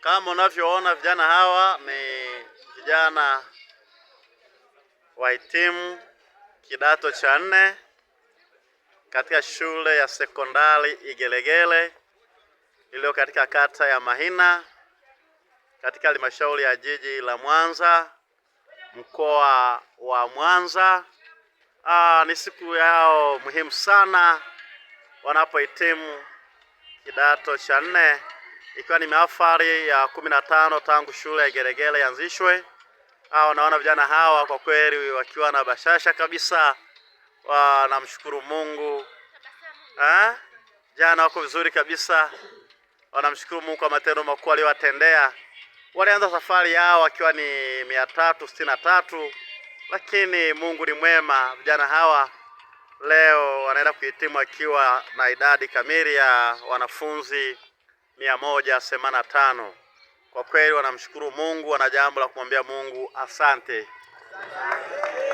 Kama unavyoona vijana hawa ni vijana wahitimu kidato cha nne katika shule ya sekondari Igelegele iliyo katika kata ya Mahina katika halmashauri ya jiji la Mwanza mkoa wa Mwanza. Aa, ni siku yao muhimu sana wanapohitimu kidato cha nne, ikiwa ni miafari ya kumi na tano tangu shule ya Geregere yanzishwe. Hao naona vijana hawa kwa kweli wakiwa na bashasha kabisa, wanamshukuru Mungu ha? Jana wako vizuri kabisa, wanamshukuru Mungu kwa matendo makubwa aliyowatendea. Walianza safari yao wakiwa ni mia tatu sitini na tatu, lakini Mungu ni mwema. Vijana hawa leo wanaenda kuhitimu akiwa na idadi kamili ya wanafunzi mia moja themanini na tano. Kwa kweli wanamshukuru Mungu, wana jambo la kumwambia Mungu asante, asante.